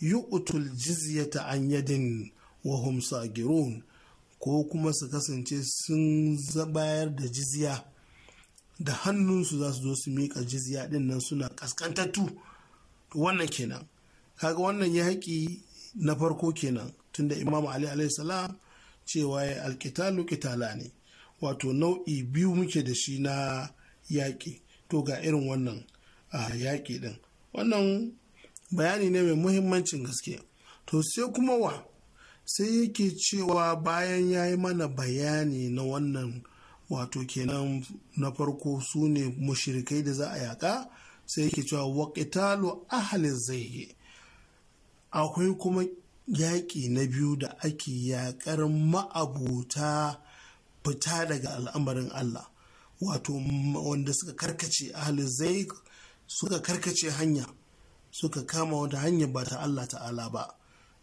M: yi yu'tul jizyata an yadin wa hum ko kuma su kasance sun bayar da jizya da hannunsu za su zo su miƙa jizya ɗin nan suna ƙasƙantattu wannan kenan kaga wannan ya haƙi na farko kenan tunda imam ali salam cewa ya alkitalu kitala ne wato nau'i biyu muke da shi na yaƙi to ga irin wannan ah, yaƙi ɗin wannan bayani ne mai muhimmancin gaske to sai kuma wa sai yake cewa bayan ya yi mana bayani na wannan wato kenan na farko su ne mushirikai da za a yaƙa sai yake cewa waƙitalo ahalin zai akwai kuma yaƙi na biyu da ake yaƙar ma'abuta fita daga al'amarin Allah wato wanda suka karkace ahalin zai suka karkace hanya suka kama wata hanya ba ta Allah ta'ala ba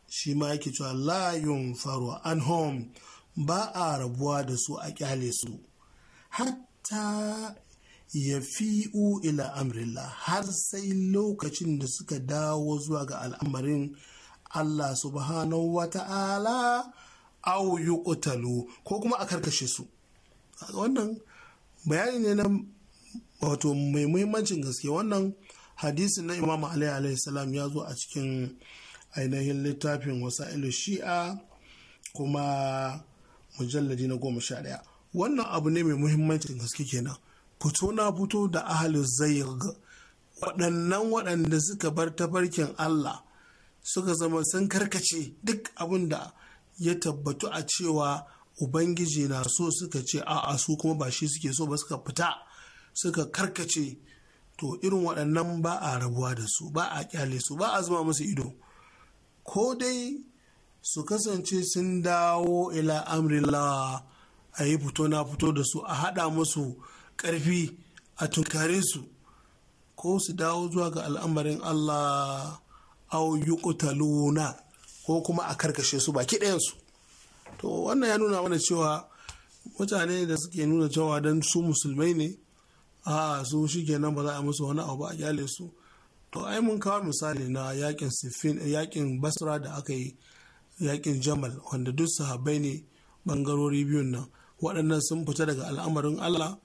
M: shi ma yake cewa layun faru an home ba a rabuwa da su a kyale su hatta ya fi'u ila amrilla har sai lokacin da suka dawo zuwa ga al'amarin Allah subhanahu wa ta'ala au yuqtalu ko kuma a karkashe su wannan bayani ne na wato mai muhimmancin gaske wannan hadisi na imamu alayhi salam ya zo a cikin ainihin littafin wasa'ilu shi'a kuma mujalladi na goma sha ɗaya wannan abu ne mai muhimmancin gaske kenan fito na fito da ahalin zayyag waɗannan waɗanda suka bar tafarkin allah suka zama sun karkace duk abin da ya tabbatu a cewa ubangiji na so suka ce a'a su kuma ba shi suke so ba suka fita suka karkace to irin waɗannan ba a rabuwa da su ba a kyale su ba a zuma musu ido ko dai su kasance sun dawo ila amrillah a yi fito na fito da su a haɗa musu ƙarfi a tunkare su ko su dawo zuwa ga al'amarin Allah au yuqtaluna ko kuma a karkashe su baki ɗayansu to wannan ya nuna mana cewa mutane da suke nuna cewa don su musulmai ne a su shi kenan ba za a musu wani abu a kyale su to ai mun kawo misali na yakin siffin yakin basra da aka yi yakin jamal wanda duk sahabbai ne bangarori biyun nan waɗannan sun fita daga al'amarin allah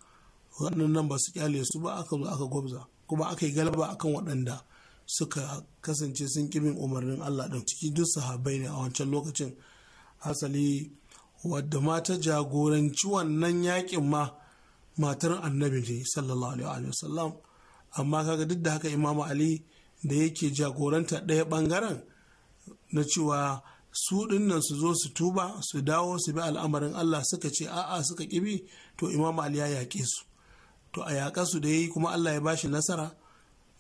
M: waɗannan ba su kyale su ba aka zo aka gwabza kuma aka yi galaba akan waɗanda suka kasance sun bin umarnin allah ɗin ciki duk sahabbai ne a wancan lokacin asali wadda ma ta jagoranci wannan yakin ma matar annabi ne sallallahu alaihi wasallam amma kaga duk da haka imamu ali da yake jagoranta ɗaya ɓangaren na cewa su dinnan su zo su tuba su dawo su bi al'amarin Allah suka ce a'a suka kibi to imamu ali ya yake su to a yaƙa su da yi kuma Allah ya bashi nasara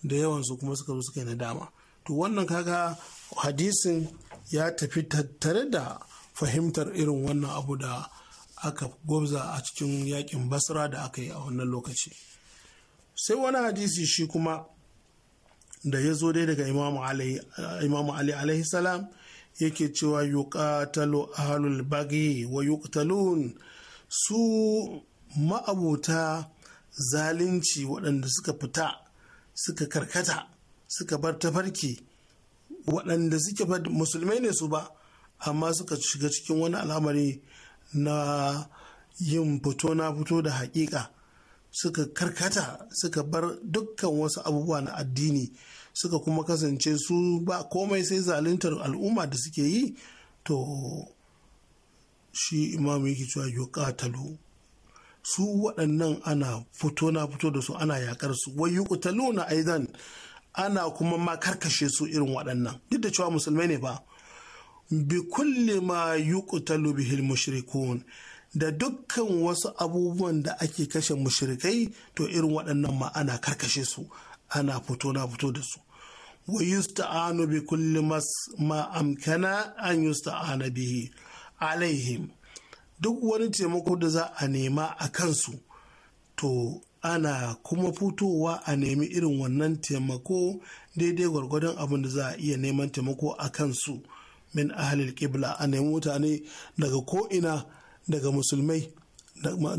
M: da yawan su kuma suka zo suka yi nadama to wannan kaga hadisin ya tafi tattare da fahimtar irin wannan abu da aka gwabza a cikin yakin basra da aka yi a wannan lokaci sai wani hadisi shi kuma da ya zo dai daga imamu ali alaihi salam yake cewa yuqatalu ahlul bagi wa yuqtalun su ma'abuta zalunci waɗanda suka fita suka karkata suka bar tafarki waɗanda suke musulmai ne su ba amma suka shiga cikin wani al'amari na yin fito na fito da haƙiƙa suka karkata suka bar dukkan wasu abubuwa na addini suka kuma kasance su ba komai sai zaluntar al'umma da suke yi to shi imamu yake cewa yuqatalu su waɗannan ana fito na fito da su ana yaƙar su wai na zan ana kuma ma karkashe su irin waɗannan duk da cewa musulmai ne ba bi kulle ma yuqtalu bihil mushrikun da dukkan wasu abubuwan da ake kashe mushrikai to irin waɗannan ma ana karkashe su ana fito na fito da su wa yusta'anu bi kulli ma amkana an yusta'ana bihi alaihim duk wani taimako da za a nema a kansu to ana kuma fitowa a nemi irin wannan taimako daidai gwargwadon abin da za a iya neman taimako a kansu min ahalil kibla a nemi mutane daga ko'ina daga musulmai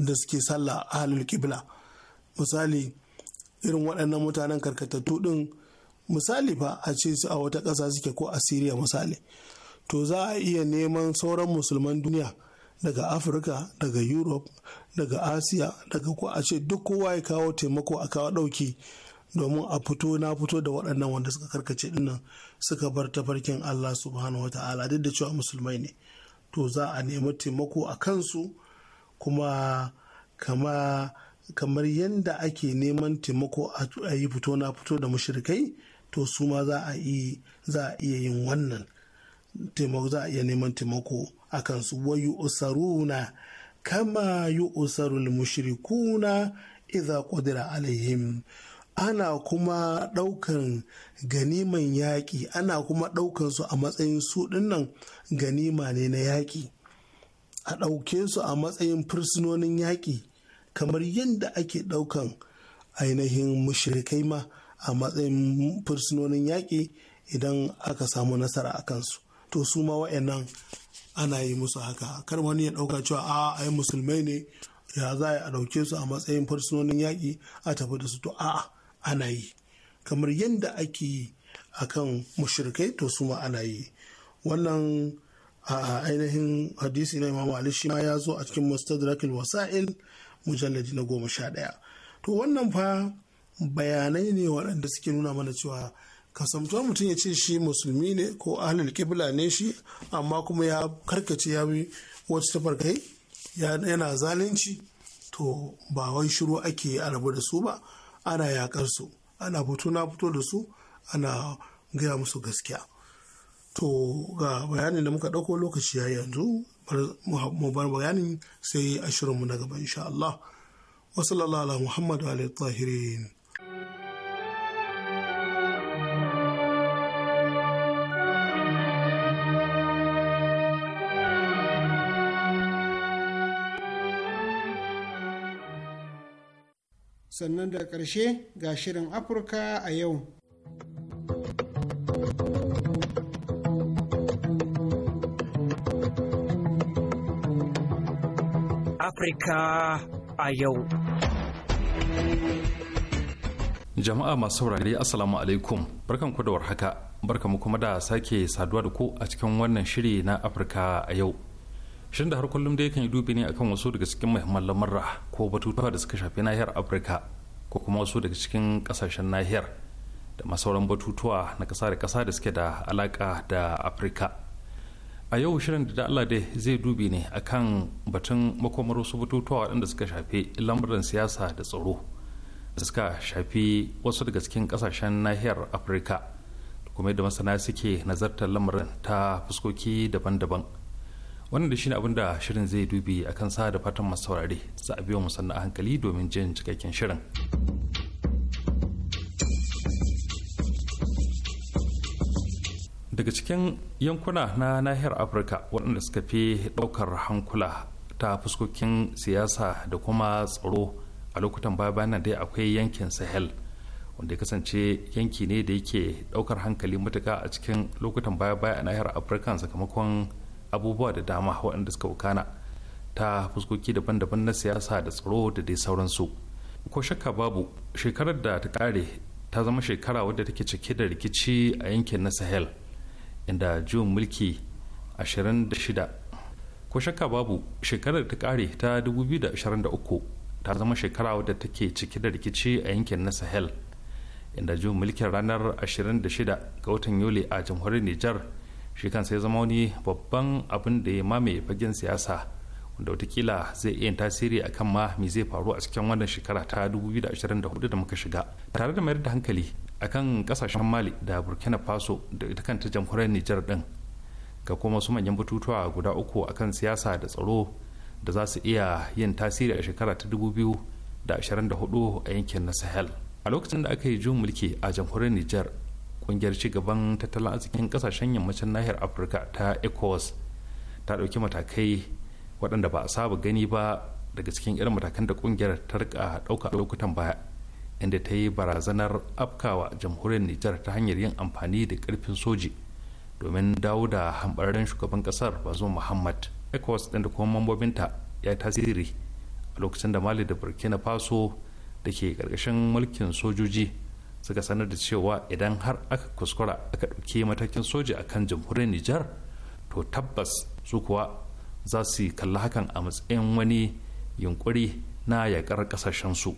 M: da suke sallah ahalil kibla misali irin waɗannan mutanen karkatattu ɗin misali ba a ce su a wata ƙasa suke ko a siriya misali to za a iya neman sauran musulman duniya daga afirka daga europe daga asiya daga ko a ce duk kowa ya kawo taimako a kawo ɗauki domin a fito na fito da waɗannan wanda suka karkace dinnan suka bar tafarkin Allah subhanahu wa ta'ala duk da cewa musulmai ne to za a nemi taimako a kansu kuma kamar yadda ake neman taimako a yi fito na fito da mushrikai to su ma za a iya yin wannan taimako za a iya neman taimako a kansu wayu usaruna kama yu usarul mushrikuna idza qudira alaihim ana kuma ɗaukan ganiman yaƙi ana kuma ɗaukan su a matsayin su ɗinnan ganima ne na yaƙi a ɗauke su a matsayin fursunonin yaƙi kamar yadda ake ɗaukan ainihin mushrikai ma a matsayin fursunonin yaƙi idan aka samu nasara a kansu to su ma wa'annan ana yi musu haka kar wani ya ɗauka cewa a ai musulmai ne ya za a ɗauke su a matsayin fursunonin yaƙi a tafi da su to a'a ana yi kamar yadda ake yi a kan mushrikai to su ma ana yi wannan a ainihin hadisi na imamu ali ma ya zo a cikin mustadrakil wasa'il mujalladi na goma sha ɗaya to wannan fa bayanai ne waɗanda suke nuna mana cewa kasamtuwar mutum ya ce shi musulmi ne ko ahlul kibla ne shi amma kuma ya karkace ya bi wata kai yana zalunci to ba wai shiru ake a rabu da su ba ana yakar su ana fito na fito da su ana gaya musu gaskiya to ga bayanin da muka ɗauko lokaci ya yanzu mu bar bayanin sai a mu na gaba insha Allah wasu ala Muhammad wa alihi
B: sannan da ƙarshe ga shirin afirka a yau
E: afirka a yau
D: jama'a masu saurari assalamu alaikum barkan ku da warhaka barkan mu kuma da sake saduwa da ku a cikin wannan shiri na afirka a yau shirin da har kullum da yakan yi dubi ne akan wasu daga cikin muhimman lamarra ko batutuwa da suka shafi nahiyar afirka ko kuma wasu daga cikin kasashen nahiyar da masauran batutuwa na kasa da kasa da suke da alaka da afirka a yau shirin da allah dai zai dubi ne akan batun makomar wasu batutuwa waɗanda suka shafi lamarin siyasa da tsaro da suka shafi wasu daga cikin kasashen nahiyar afirka da kuma yadda masana suke nazartar lamarin ta fuskoki daban-daban wannan da shi abin da shirin zai dubi a kan sa da fatan masu saurare za a biyo musanna a hankali domin jin cikakken shirin daga cikin yankuna na nahiyar afirka waɗanda suka fi ɗaukar hankula ta fuskokin siyasa da kuma tsaro a lokutan baya bayan dai akwai yankin sahel wanda ya kasance yanki ne da yake ɗaukar hankali matuka a cikin lokutan baya baya a nahiyar afirka sakamakon abubuwa da dama waɗanda suka wakana ta fuskoki daban-daban na siyasa da tsaro da dai sauransu ko shakka babu shekarar da ta kare ta zama shekara wadda take cike da rikici a yankin na sahel inda juyin mulki 26 ko shakka babu shekarar da ta kare ta 2023 ta zama shekara wadda take cike da rikici a yankin na sahel inda juyin mulkin ranar 26 ga watan yuli a jamhuriyar nijar shi kansa ya zama wani babban abin da ya mamaye fagen siyasa wanda watakila zai iya tasiri a kan ma me zai faru a cikin wannan shekara ta 2024 da muka shiga tare da mayar da hankali a kan kasashen mali da burkina faso da ita kanta jamhuriyar nijar din ga kuma su manyan batutuwa guda uku a kan siyasa da tsaro da za su iya yin tasiri a shekara ta 2024 a yankin na sahel a lokacin da aka yi jun mulki a jamhuriyar nijar kungiyar gaban tattalin arzikin kasashen yammacin nahiyar afirka ta ecowas ta ɗauki matakai waɗanda ba a saba gani ba daga cikin irin matakan da kungiyar ta rika ɗauka lokutan baya inda ta yi barazanar afkawa jamhuriyar nijar ta hanyar yin amfani da ƙarfin soji domin dawo da hambararren shugaban ƙasar bazo muhammad ecowas ɗin da kuma mambobinta ya yi tasiri a lokacin da mali da burkina faso da ke ƙarƙashin mulkin sojoji suka sanar da cewa idan har aka kuskura aka ɗauke matakin soja a kan jamhuriyar nijar to tabbas su kuwa za su kalli hakan a matsayin wani yunkuri na yakar ƙasashensu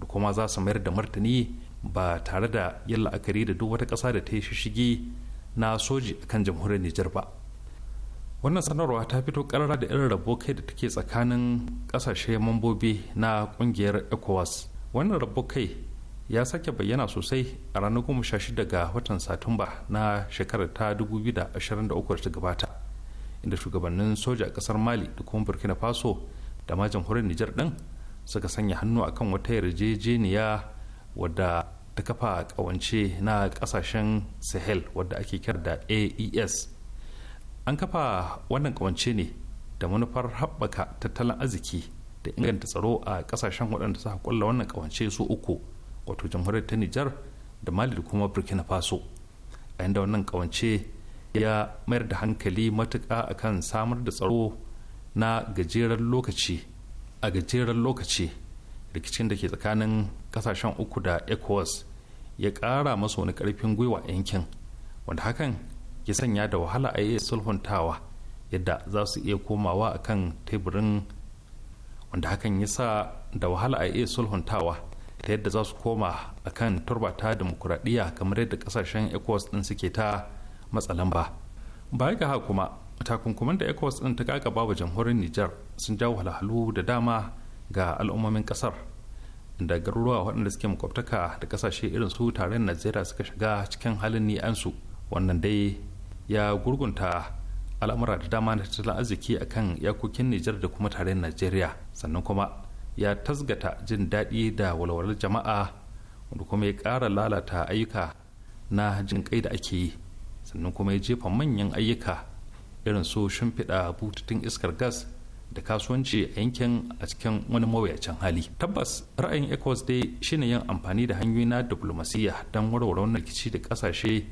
D: da kuma za su mayar da martani ba tare da yin la'akari da duk wata ƙasa da ta yi shishigi na soji a kan jamhuriyar nijar ba wannan sanarwa ta fito karara da irin rabo kai da take tsakanin ƙasashe mambobi na ƙungiyar ecowas wannan rabo kai ya sake bayyana sosai a ranar goma sha shida ga watan satumba na shekarar ta da ta gabata inda shugabannin soja a kasar mali da kuma burkina faso da ma jamhuriyar nijar din suka sanya hannu akan wata yarjejeniya wadda ta kafa kawance na kasashen sahel wadda ake kira da aes an kafa wannan kawance ne da manufar haɓaka tattalin arziki da inganta tsaro a kasashen waɗanda suka kulla wannan kawance su uku wato jamhuriyar ta nijar da mali da kuma burkina faso a inda wannan kawance ya mayar da hankali matuƙa akan samar da tsaro na gajeren lokaci a gajeren lokaci rikicin da ke tsakanin kasashen uku da ecowas ya ƙara masu wani ƙarfin gwiwa a yankin wanda hakan ya sanya da wahala a yi sulhuntawa yadda za su iya komawa akan teburin wanda hakan ya sa da wahala a iya sulhuntawa ta yadda za su koma a kan turba ta demokuraɗiyya kamar yadda kasashen ecowas ɗin suke ta matsalan ba baya ga haka kuma takunkuman da ecowas ɗin ta kakaba wa jamhuriyar niger sun jawo halhalu da dama ga al'ummomin ƙasar da garuruwa waɗanda suke makwabtaka da kasashe irin su tarayyar najeriya suka shiga cikin halin ni'ansu wannan dai ya gurgunta al'amura da dama na tattalin arziki akan yakokin nijar da kuma tarayyar najeriya sannan kuma ya tasgata jin daɗi da walwalar jama'a wanda kuma ya ƙara lalata ayyuka na jin kai da ake yi sannan kuma ya jefa manyan ayyuka irin su shimfiɗa bututun iskar gas da kasuwanci a yankin a cikin wani mawuyacin hali tabbas ra'ayin ecos dai shine yin amfani da hanyoyi na diplomasiya don warware wannan rikici da kasashe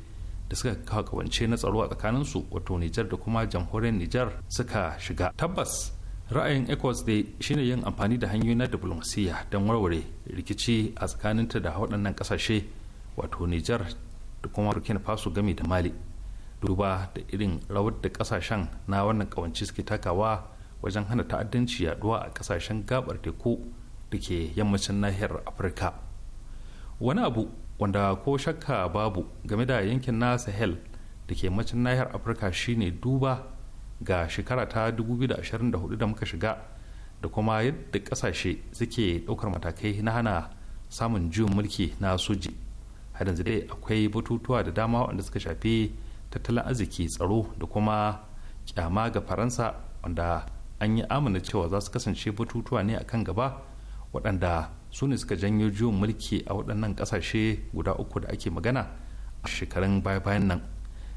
D: da suka kawo kawance na tsaro a tsakaninsu wato nijar da kuma jamhuriyar nijar suka shiga tabbas ra'ayin ecos dai shine yin amfani da hanyoyi na diplomasiya don warware rikici a tsakaninta da waɗannan ƙasashe wato niger da kuma burkina faso game da mali duba da irin rawar da ƙasashen na wannan ƙawance suke takawa wajen hana ta'addanci yaduwa a ƙasashen gabar teku da ke yammacin nahiyar afirka wani abu wanda ko shakka babu game da yankin na sahel da ke yammacin nahiyar afirka shine duba ga shekara ta 2024 da muka shiga da kuma yadda kasashe suke ɗaukar matakai na hana samun juyin mulki na soji har yanzu dai akwai batutuwa da dama wanda suka shafi tattalin arziki tsaro da kuma kyama ga faransa wanda an yi amina cewa za su kasance batutuwa ne akan gaba waɗanda su ne suka janyo juyin mulki a waɗannan kasashe guda uku da ake magana a shekarun baya-bayan nan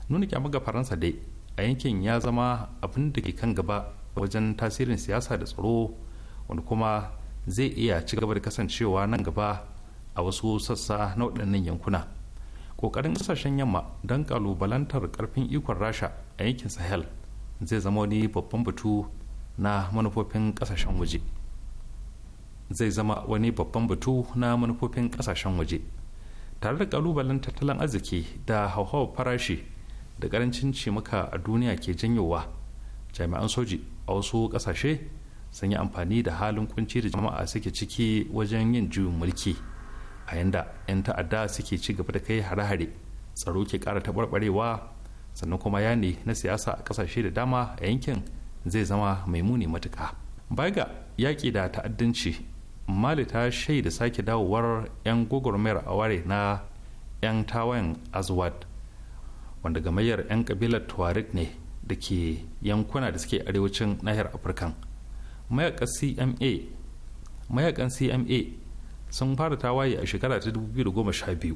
D: nuna kyama ga faransa dai a yankin ya zama abin da ke kan gaba wajen tasirin siyasa da tsaro wanda kuma zai iya ci gaba da kasancewa nan gaba a wasu sassa na waɗannan yankuna ƙoƙarin ƙasashen yamma don ƙalubalantar ƙarfin ikon rasha a yankin sahel zai zama wani babban batu na manufofin ƙasashen waje zai zama wani babban batu na manufofin ƙasashen waje tare da ƙalubalen tattalin arziki da hauhawar farashi da karancin cimaka a duniya ke janyowa jami'an soji a wasu kasashe sun yi amfani da halin kunci da jama'a suke ciki wajen yin juyin mulki a yanda 'yan ta'adda suke ci gaba da kai hare-hare tsaro ke kara taɓarɓarewa sannan kuma ya ne na siyasa a kasashe da dama a yankin zai zama mai muni matuka baya ga yaƙi da ta'addanci mali ta shaida sake dawowar 'yan gwagwarmayar a ware na 'yan tawayen azwad wanda gamayyar 'yan kabilar tuareg ne da ke yankuna da suke arewacin nahiyar afirka mayakan cma sun fara tawaye a shekara ta 2012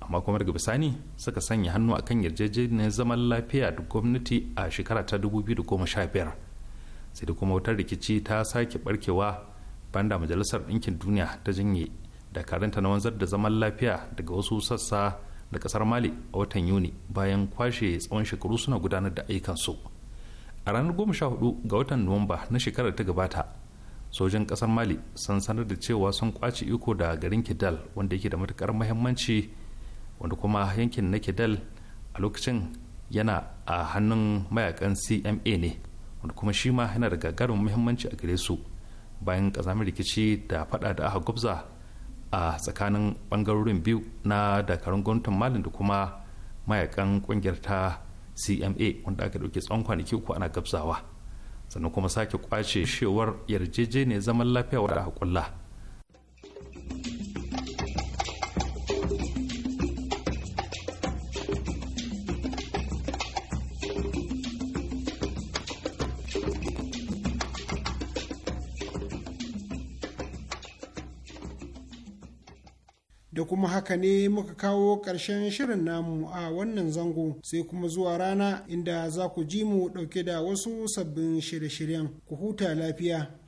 D: amma kuma daga bisani suka sanya hannu a kan yarjejeniyar zaman lafiya da gwamnati a shekara ta 2015 sai da kuma wutar rikici ta sake barkewa banda majalisar ɗinkin duniya ta janye dakaranta na wanzar da zaman lafiya daga wasu sassa da kasar mali a watan yuni bayan kwashe tsawon shekaru suna gudanar da su a ranar 14 ga watan nuwamba na shekarar ta gabata sojin kasar mali sun sanar da cewa sun kwace iko da garin kidal wanda yake da matukar muhimmanci wanda kuma yankin na kidal a lokacin yana a hannun mayakan cma ne wanda kuma shi ma yana da gagarumin muhimmanci a gare su bayan kazamin rikici da fada da aka gubza a tsakanin bangarorin biyu na dakarun gwamnatin malin da kuma mayakan kungiyar ta cma wanda aka dauke tsawon kwanaki uku ana gabzawa sannan kuma sake kwace shewar yarjejeniyar zaman lafiya wa da haƙulla
B: kuma haka ne muka kawo ƙarshen shirin namu a wannan zango sai kuma zuwa rana inda za ku ji mu ɗauke da wasu sabbin shirye-shiryen ku huta lafiya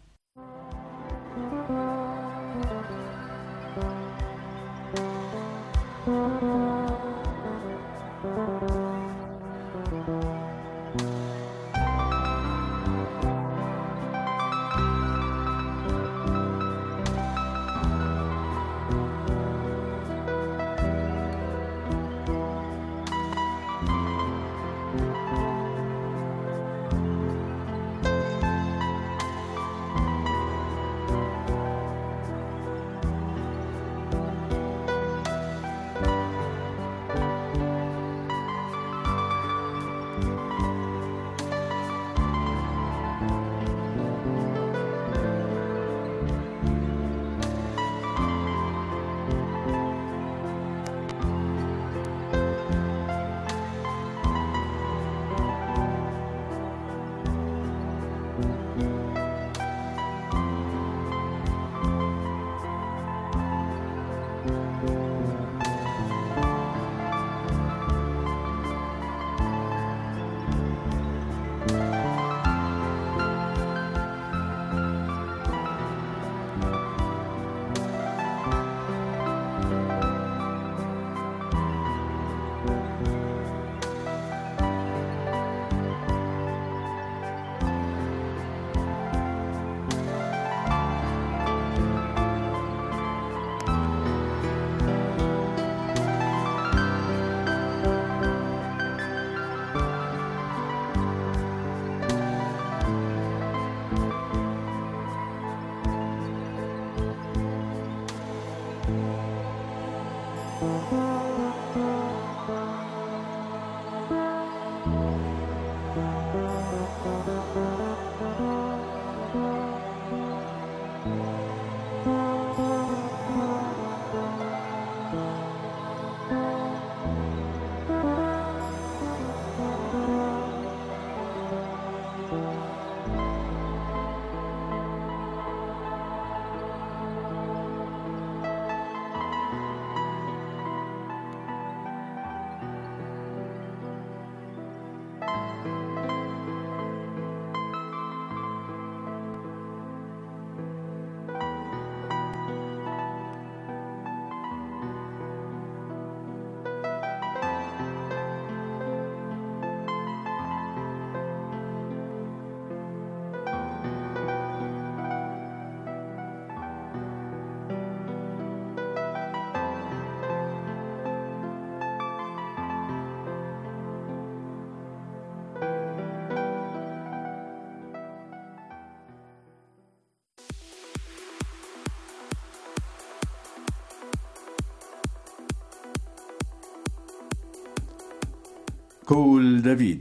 C: Cool, David.